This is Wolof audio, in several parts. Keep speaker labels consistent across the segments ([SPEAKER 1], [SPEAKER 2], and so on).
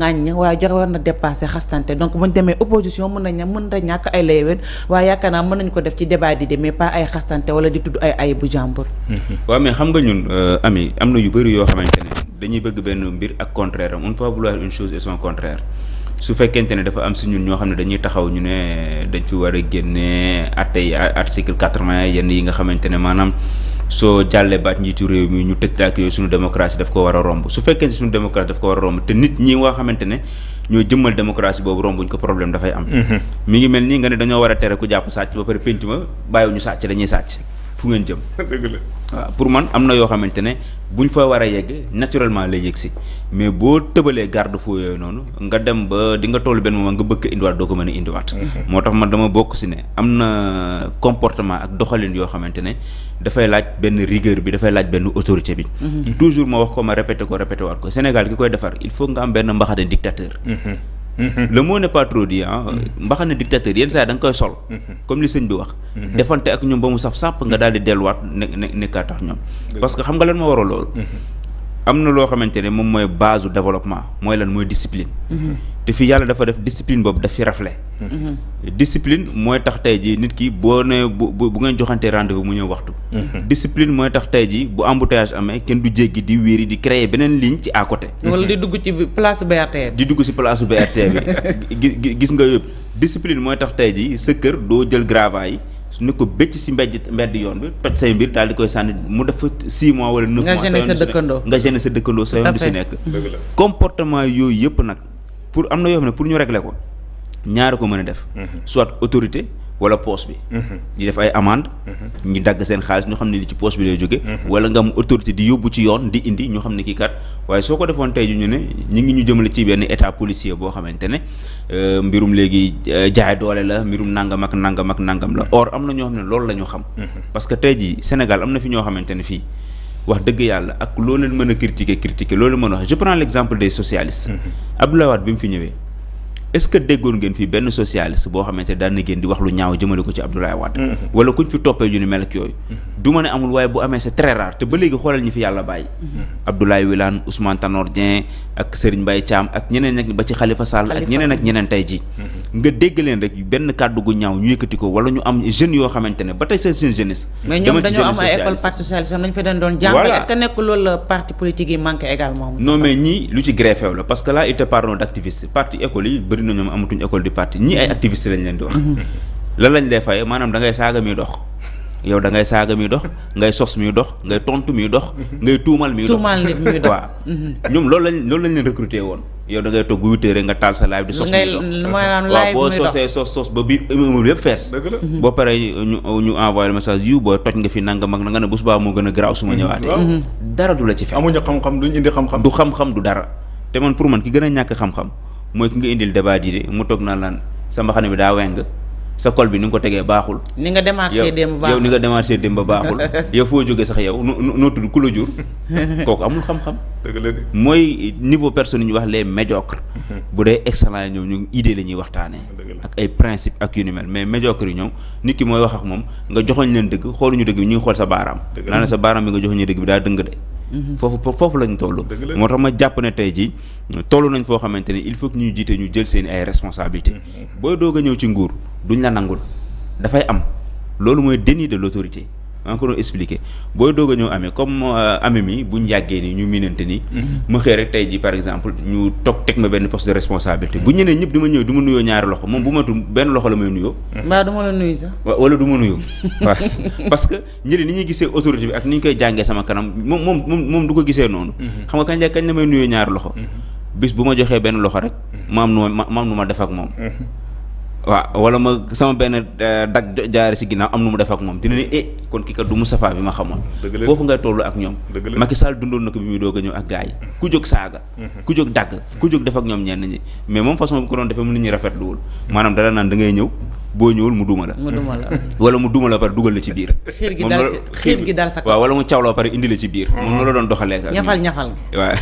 [SPEAKER 1] ŋàññ waaye joxe war na dépasser xastante donc buñ demee opposition mën nañ mën na ñàkk ay layween waaye yaakaar naa mën nañ ko def ci débat di de mais pas ay xastante wala di tudd ay ay bu jàmbur
[SPEAKER 2] mm-hmm. waaw mais xam nga ñun euh, ami am na yu bëri yoo xamante ne dañuy bëgg benn mbir ak contraire am on ne peut une chose et son contraire su fekkente ne dafa am si ñun ñoo xam ne dañuy taxaw ñu ne dañ fi war a génne attey article quatre-vingt yenn yi nga xamante ne maanaam soo jàllee baat njiitu réew mi ñu tëj ak yooyu suñu démocratie daf ko war romb su fekkee suñu démocratie daf ko war a romb te nit ñi nga xamante ne ñoo jëmmal démocratie boobu rombuñ ko problème dafay am mhm. mi ngi mel nii nga ne dañoo war a tere ku jàpp sàcc ba pare pénc ma bàyyiwuñu sàcc dañuy sàcc fu ngeen jëm. waaw pour man am na yoo xamante ne buñ fa war a yegg naturellement lay yegg si mais boo tëbalee garde fou yooyu noonu nga dem ba di nga toll benn moment nga bëgg indiwaat doo ko mën a indiwaat. Mhm. moo tax ma dama bokk si ne am na comportement ak doxalin yoo xamante ne dafay laaj benn rigueur bi dafay laaj benn autorité bi. Mhm. toujours ma wax ko ma répété ko répété waat ko Sénégal ki koy defar il faut nga am benn mbaxade dictateur. Mhm. Mm-hmm. le mot n'est pas trop dit ah. mbaxana dictateur yenn saa yi da nga koy sol. Mm-hmm. comme li sëñ bi wax. defante ak ñoom ba mu saf sàpp nga daal di delluwaat ne ne nekkaa tax ñoom. parce que xam nga lan moo waral loolu. am na loo xamante ne moom mooy base développement mooy lan mooy discipline. te fi yàlla dafa def discipline boobu daf fi raflet. disipline mooy tax tey jii nit ki boo nee bu bu ngeen joxante rendez-vous mu ñëw waxtu. discipline mooy tax tey jii bu embouteillage amee kenn du jéggi di wéeri di créer beneen ligne ci à côté. wala
[SPEAKER 1] di dugg ci place BRT bi.
[SPEAKER 2] di dugg ci place BRT gis nga yëpp discipline mooy tax tey jii sa kër doo jël gravats yi. ni ko bëcc si mbedd mbedd yoon bi toj say mbir daal di koy sànni mu dafa 6 mois wala 9 mois. nga gêné sa dëkkandoo nga gêné sa dëkkandoo sa yoon du si nekk. comportement yooyu yëpp nag pour am na yoo xam ne pour ñu régler ko ñaari ko mën a def. Mhm. soit autorité. wala poos bi. Mhm. di def ay amende. Mhm. ñu dagg seen xaalis ñu xam ne li ci poos bi lay jóge mhm. wala nga am autorité di yóbbu ci yoon di indi ñu xam ne kii kat waaye soo ko defoon tey ju ne ñu ngi ñu jëmale ci benn état policier boo xamante ne euh, mbirum léegi euh, jaay doole la mbirum nangam ak nangam ak nangam la or am na ñoo xam ne loolu la ñu xam. parce que tey jii Sénégal am na fi ñoo xamante ne fii wax dëgg yàlla ak loo leen mën a critiquer critiquer loolu mën a wax je exemple des socialistes. Abdoulaye Wade bi mu fi ñëwee. est-ce que déggoon ngeen fi benn socialiste boo xamante daan na ngeen di wax lu ñaaw jëmale ko ci Abdoulaye Wade. Mm-hmm. wala kuñ fi toppee ñu ni mel yooyu. Mm-hmm. du ne amul waaye bu amee c'est très te ba léegi xoolal ñi fi yàlla bàyyi. Mm-hmm. Abdoulaye Wilane Ousmane Tanor ak Serigne Mbaye Thiam ak ñeneen ak ba ci Khalifa Sall ak ñeneen ak ñeneen tey ji nga dégg leen rek benn kàddu ñaaw ñu yëkkati ko wala ñu am jeunes yoo xamante ne ba tey seen seen jeunesse. mais ñoom na ñoom amatuñ école du parti ñi ay activiste lañ leen di wax mm-hmm. lan lañ lay fay maanaam da ngay saaga miy dox yow da ngay saaga miy dox ngay sos miy dox ngay tontu miy dox mm-hmm. ngay tuumal miy dox waaw mm-hmm. ñoom loolu lañ loolu lañ leen recruter woon yow da ngay togg huit heures nga taal sa live di sos miy boo sosee sos sos ba bi yëpp fees boo paree ñu ñu envoyé le boo toj nga fi nangam ak na nga ne bu subaa moo gën a garaaw su ma ñëwaatee dara du la ci fekk amuñu xam-xam duñ indi xam-xam du a xam-xam mooy ki nga indil débat yi de mu toog naa laan sa mbaxane bi daa weng sa col bi ni nga ko tegee baaxul. ni nga
[SPEAKER 1] démarché démb baaxul ni
[SPEAKER 2] nga démarché démb baaxul. yow foo jógee sax yow nu nu tudd ku la jur kooku amul xam-xam. mooy niveau personne yi ñu wax les médiocres. bu dee excellent ñoom ñu idée la ñuy waxtaanee. ak ay principe ak yu ni mel mais médiocre yi ñoom nit ki mooy wax ak moom nga joxoñ leen dëgg xooluñu dëgg ñu ngi xool sa baaraam. dëgg la naa ne sa baaraam bi nga joxoñu dëgg bi de. Mhm. foofu foofu lañ toll moo tax ma jàpp ne tey ji tollu nañ foo xamante ne il faut que ñuy jiite ñu jël seen ay responsabilité mhm. booy doog a ñëw ci nguur duñ la nangul dafay am loolu mooy déni de l'autorité maa ngi ko doon expliqué booy doog a ñëw amee comme euh, amee mi buñ yàggee nii ñu miinante nii. Mm-hmm. ma xëy rek tey ji par exemple ñu toog teg ma benn poste de responsabilité bu ñeneen ñëpp di ma ñëw di ma nuyoo ñaari loxo moom bu ma benn loxo la may nuyoo. Mm-hmm.
[SPEAKER 1] mbaa du ma la nuyu sax.
[SPEAKER 2] wala du ma nuyoo waaw parce que ñeneen ni ñuy gisee autorité bi ak ni ñu koy jàngee sama kanam moom moom moom du ko gisee noonu. Mm-hmm. xam nga kañ la kañ la may nuyoo ñaari loxo. bis bu ma joxee benn loxo rek. ma am nu ma ma am nu ma def ak moom. waaw wala ma sama benn eh, dag jaare si ginnaaw am nu mu def ak moom dina ne eh kon kii kat du Moustapha bi ma xamoon foofu ngay toll ak ñoom Macky Sall dundoon na ko bi muy doog ñëw ak gars yi ku jóg saaga mhm. ku jóg dagg ku jóg def ak ñoom ñenn ñi mais moom façon bi ko doon defee mu nit ñi rafetluwul mhm. maanaam dara naan da ngay ñëw boo ñëwul mu duma la. mu duma la wala mu duma la pare dugal la ci biir. xiir gi daal xiir gi daal sa kaw waaw wala mu caw la pare indi la ci biir. Mm-hmm. moom noonu la doon doxalee ak ñafal ñafal. waaw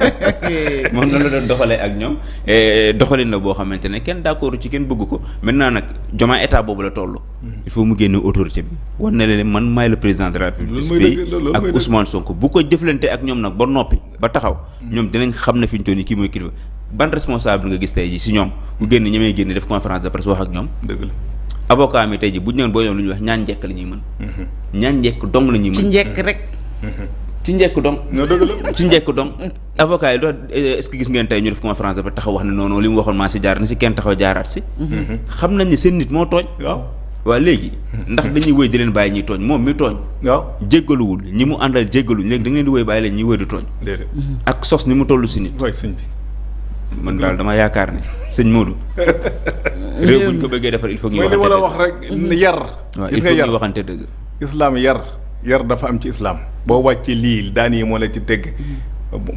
[SPEAKER 2] moom noonu la doon doxalee ak ñoom eh, doxalin la boo xamante ne kenn d'accord ci kenn bëgg ko maintenant nag jomaa état boobu la toll. Mm-hmm. il faut mu génne autorité bi. wan na man maay la président de la République du pays ak Ousmane Sonko bu ko jëflante ak ñoom nag ba noppi ba taxaw. Mm-hmm. ñoom dinañ xam ne fi ñu toll nii kii mooy kilifa ban responsable nga gis tey si ñoom ku génn ñemee génn def conférence de presse wax ak ñoom dëgg la bu ñu doon booy doon lu ñuy wax ñaan njekk la ñuy mën mhm. ñaan njekk dong la ñuy mën ci njekk rek mhm. ci njekk dong ci njekk dong avocat yi doo eh, est-ce que gis ngeen tey ñu def conférence de presse taxaw wax ne noonu li mu waxoon maa si jaar na si kenn taxaw jaaraat si mhm. xam nañ ne seen nit moo tooñ waaw waaw léegi ndax dañuy wëy di leen bàyyi ñuy tooñ moom mi tooñ waaw ñi mu àndal jéggaluñ léegi da nga leen di wëy bàyyi leen ñuy wëy di man daal dama yaakaar ni sëñ Modou.
[SPEAKER 3] réew buñ ko bëggee defar il faut ñu. waxante dëgg mooy li ma la wax rek yar. il faut ñu waxante dëgg. islaam yar yar dafa am ci islaam boo wàccee lii daan yi moo la ci teg.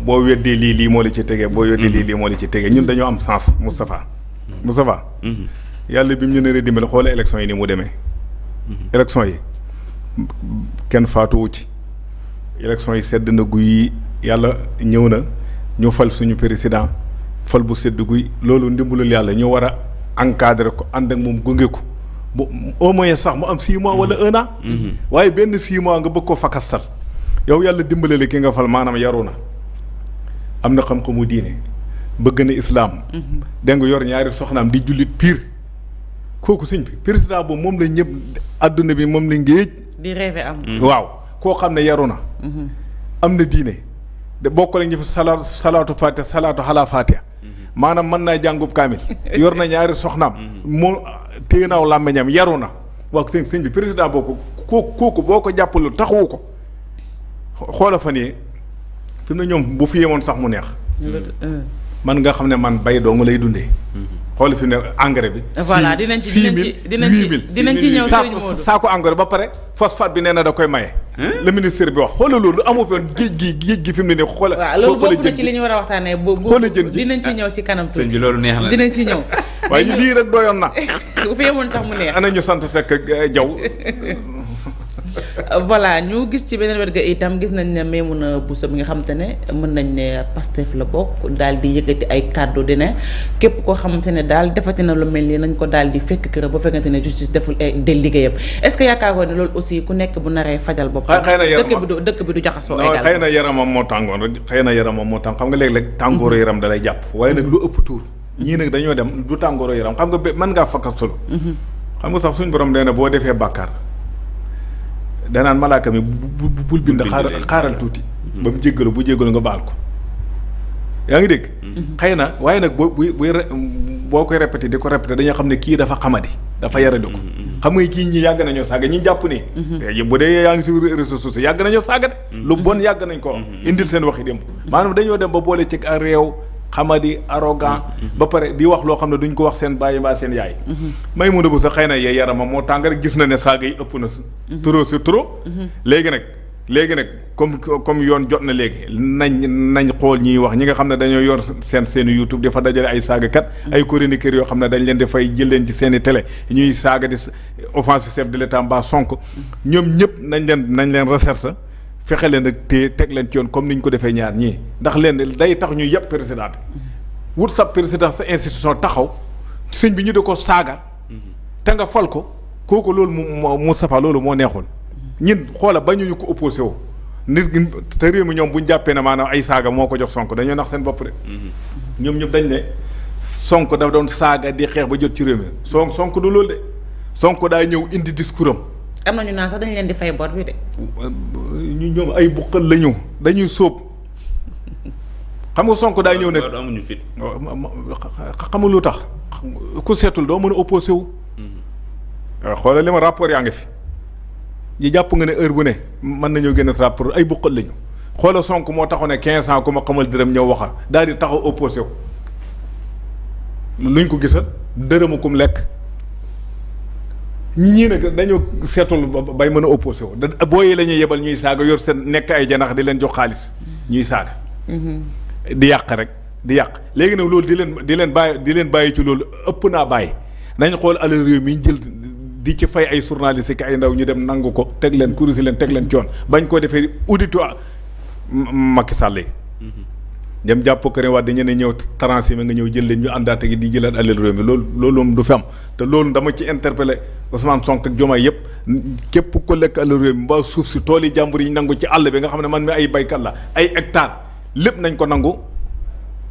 [SPEAKER 3] boo weddee lii lii moo la ci tegee boo weddee lii mm-hmm. lii moo la ci tegee ñun dañoo am sens Moustapha. Mm-hmm. Moustapha. Mm-hmm. yàlla bi mu ñu naree dimbali xoolee élection yi ni mu demee. élection yi kenn faatuwu ci. élection yi sedd na guy yàlla ñëw na ñu fal suñu président. fal bu sedd guy loolu ndimbalul yàlla ñu war a encadré ko ànd ak moom gunge ko bu au moins sax mu am six mois wala un mm-hmm. Mm-hmm. waaye benn six mois nga bëgg ko fakastal yow yàlla dimbale la ki nga fal maanaam yaru na am na xam mu diine bëgg na islaam. Mm-hmm. dégg nga yor ñaari soxnaam di jullit pire. kooku sëñ bi président boobu moom la ñëpp adduna bi moom la ngéej
[SPEAKER 1] di rêve am. waaw
[SPEAKER 3] koo xam ne yaru na. am na diine de bokk la ñu fi salaatu salaatu faatiha salaatu xalaa maanaam mën naa jàngub kaamil yor na ñaari soxnaam moo mhm. téye naaw làmmeñam yaru na wax sëñ sëñ bi président boo ko kooku kooku boo ko jàppalu taxawu ko xoola fan yi fi mu ne ñoom bu fi yemoon sax mu neex mhm. euh. man nga xam ne man bay doo nga lay dundee mhm. xool fi ne engrais bi. voilà dinañ
[SPEAKER 1] ci dinañ ci dinañ ci dinañ ci ñëw
[SPEAKER 3] saako engrais ba pare phosphate bi nee na da koy maye. la ministère bi wax xoola loolu amu foon géej gi géej gi fi mu ne nii xoola waaw loolu bokk na ci li
[SPEAKER 1] ñu war a waxtaanee boobu xoola jën ji dinañ ci ñëw si kanam tuuti loolu neex na dinañ si ñëw waaye lii rek doyoon na bu fi yemoon sax mu neex
[SPEAKER 3] ana ñu sant Seck eh, jaw
[SPEAKER 1] voilà ñoo gis ci beneen wet ga itam gis nañ ne Maimouna Bousso bi nga xamante ne mën nañ ne Pastef la daal di ay kàddu di ne képp koo xamante ne daal defati na lu mel ko daal di fekk këram ba fekkante ne de liggéeyam est-ce que yaakaaroo ne loolu aussi ku nekk bu naree fajal boppam dëkk bi du dëkk bi du xëy na
[SPEAKER 3] yaramam moo moo tàng xam nga léeg-léeg tàngooru yaram dalay jàpp waaye nag lu dem du tàngooru yaram xam nga mën ngaa fakkastalu mm-hmm. xam nga sax suñ borom nee na boo defee bàkkaar danaan malaaka mi bu bu bind xaaral xaaral tuuti mm-hmm. ba mu jéggalu bu jéggalu nga baal ko yaa ngi dégg mm-hmm. xëy na waaye nag bu buy buy boo koy répété di ko répété dañoo xam ne kii dafa xamadi dafa yaradi ko mm-hmm. xam nga kii ñi yàgg nañoo saaga ñi jàpp ne eh, bu dee yaa ngi si réseaux sociaux yàgg nañoo saaga de lu bon yàgg nañ ko indil seen waxi démb maanaam dañoo dem ba boole ci ak réew xamadi arrogant mm-hmm. ba pare di wax loo xam ne duñ ko wax seen bàyyi mbaa seen yaay mm-hmm. may mun a bu sa xëy na yee yarama moo tàng gis na ne saaga yi ëpp na mm-hmm. trop c'est trop léegi nag léegi nag comme comme yoon jot na léegi nañ nañ xool ñuy wax ñi nga xam ne dañoo yor seen seen YouTube dafa dajale ay saaga saagakat ay chroniqueurs yoo xam ne dañ leen di fay jël leen ci seen i télé ñuy saaga di offense chef de l'état mbaa Sonko ñoom ñëpp nañ leen nañ leen recherche fexe leen ak téye teg leen ci yoon comme ni ñu ko defee ñaar ñii ndax leen day tax ñu yëpp président bi wut sa président sa institution taxaw sëñ bi ñu da ko saaga te nga fal ko kooku loolu mu Moustapha loolu moo neexul ñun xoola ba ñu ko opposé woo nit te réew mi ñoom bu ñu jàppee ne maanaam ay saaga moo ko jox Sonko dañoo nax seen bopp de. ñoom ñëpp dañ ne Sonko dafa doon saaga di xeex ba jot ci réew mi sonk du loolu de Sonko daa ñëw indi discours am
[SPEAKER 1] am na ñu naan sax dañu leen di fay bor bi de.
[SPEAKER 3] ñu ñoom ay buqal la ñu dañuy sóob xam nga Sonko daa ñëw nekk amuñu fit oh, xamul lu tax ku seetul doo mën a opposé wu. waaw mm-hmm. ah, li ma rapport yaa ngi fi yi jàpp nga ne heure bu ne mën nañoo génne rapport ay buqal la xoola sonk moo taxaw ne 15 ans ku ma xamal dërëm ñëw waxal daal di taxaw opposé wu luñ ko gisal dërëmu kum lekk. ñi ñii nag dañoo seetul bay mën a opposé wu da booyee la ñuy yebal ñuy saaga yor seen nekk ay janax di leen jox xaalis ñuy saaga. Mm-hmm. di yàq rek di yàq léegi nag loolu di leen di leen bàyyi di leen bàyyi ci loolu ëpp naa bàyyi nañ xool alal réew mi jël di ci fay ay journaliste ak ay ndaw ñu dem nangu ko teg leen kuréel si leen teg leen coon bañ ko defee auditu ah, Macky Sall yi. Mm-hmm. dem jàpp Karim Wade ñeneen ñëw transhumé nga ñëw jël leen ñu àndaat ak di jëlaat alal réew mi loolu loolu du fi am loolu dama ci interpellé. Ousmane Sonko ak Diomaye yëpp képp ko lekk àll réew mbaa suuf si tool yi jàmbur yi nangu ci àll bi nga xam ne man mi ay baykat la ay hectare lépp nañ ko nangu.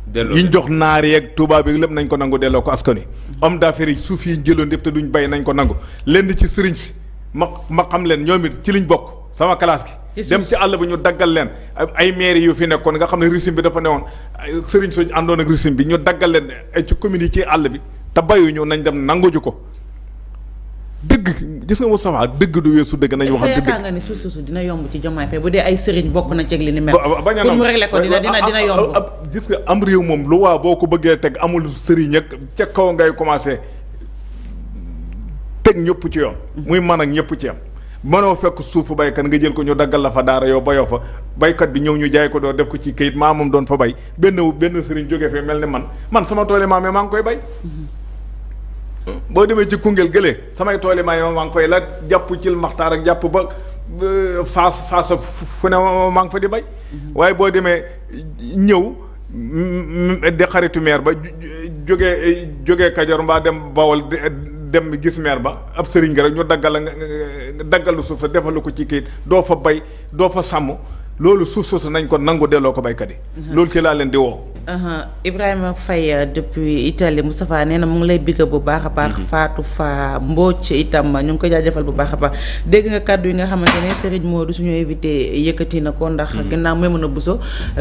[SPEAKER 3] delloo yi ñu jox naar yeeg tubaab bi lépp nañ ko nangu delloo ko askan wi. Mm-hmm. yi suuf yi ñu jëloon yëpp te duñ bay nañ ko nangu lenn ci sëriñ ma ma xam leen ñoom it ci liñ bokk sama classe gi. dem ci àll bi ñu daggal leen ay maire yu fi nekkoon nga xam ne régime bi dafa newoon sëriñ soo àndoon ak régime bi ñu daggal leen ci commune yi ci àll bi te bayuñu nañ dem nanguju ko dëgg gis nga Moustapha dëgg du weesu dëgg nañu wax. a
[SPEAKER 1] nga ni suuf suuf dina yomb ci Diomaye Faye bu dee ay sëriñ bokk na ceeg li ni mel. bañ a mu réglé ko dina dina dina
[SPEAKER 3] nga am réew moom lu waa boo ko bëggee teg amul sëriñ ak ca kaw ngay commencé teg ñëpp ci yoon. muy man ak ñëpp ci yam mënoo fekk suufu baykat nga jël ko ñu daggal la fa daara yow bayoo fa baykat bi ñëw ñu jaay ko doo def ko ci këyit maa moom doon fa bay benn benn sëriñ jóge fee mel ni man man sama toole maa mais maa ngi koy bay boo demee ci Koungheul gële samay tool yi maa ngi maa ngi la jàpp cil maxtaar ak jàpp ba faas faas ak fu ne maa ngi fa di bay mhm. waaye boo demee ñëw di xaritu meer ba jógee jógee Kajoor mbaa dem Bawol dem gis meer ba ab sëriñ nga rek ñu daggal daggalu suuf sa defalu ko ci kii doo fa bay doo fa sàmm loolu suuf soosu nañ ko nangu delloo ko baykat yi mhm. loolu ci laa leen di woo
[SPEAKER 1] Uh-huh. Ibrahima Faye euh, depuis Italie Moustapha nee na mu lay bigg bu baax a baax. Mm-hmm. faatu Fa Mbodj itam ñu ngi koy jaajëfal bu baax a baax dégg nga kàddu yi nga xamante ne moo Modou suñu invité yëkkati na ko ndax. mën mm-hmm. a Bousso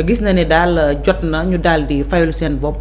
[SPEAKER 1] gis na ni daal jot na ñu daal di fayul seen bopp.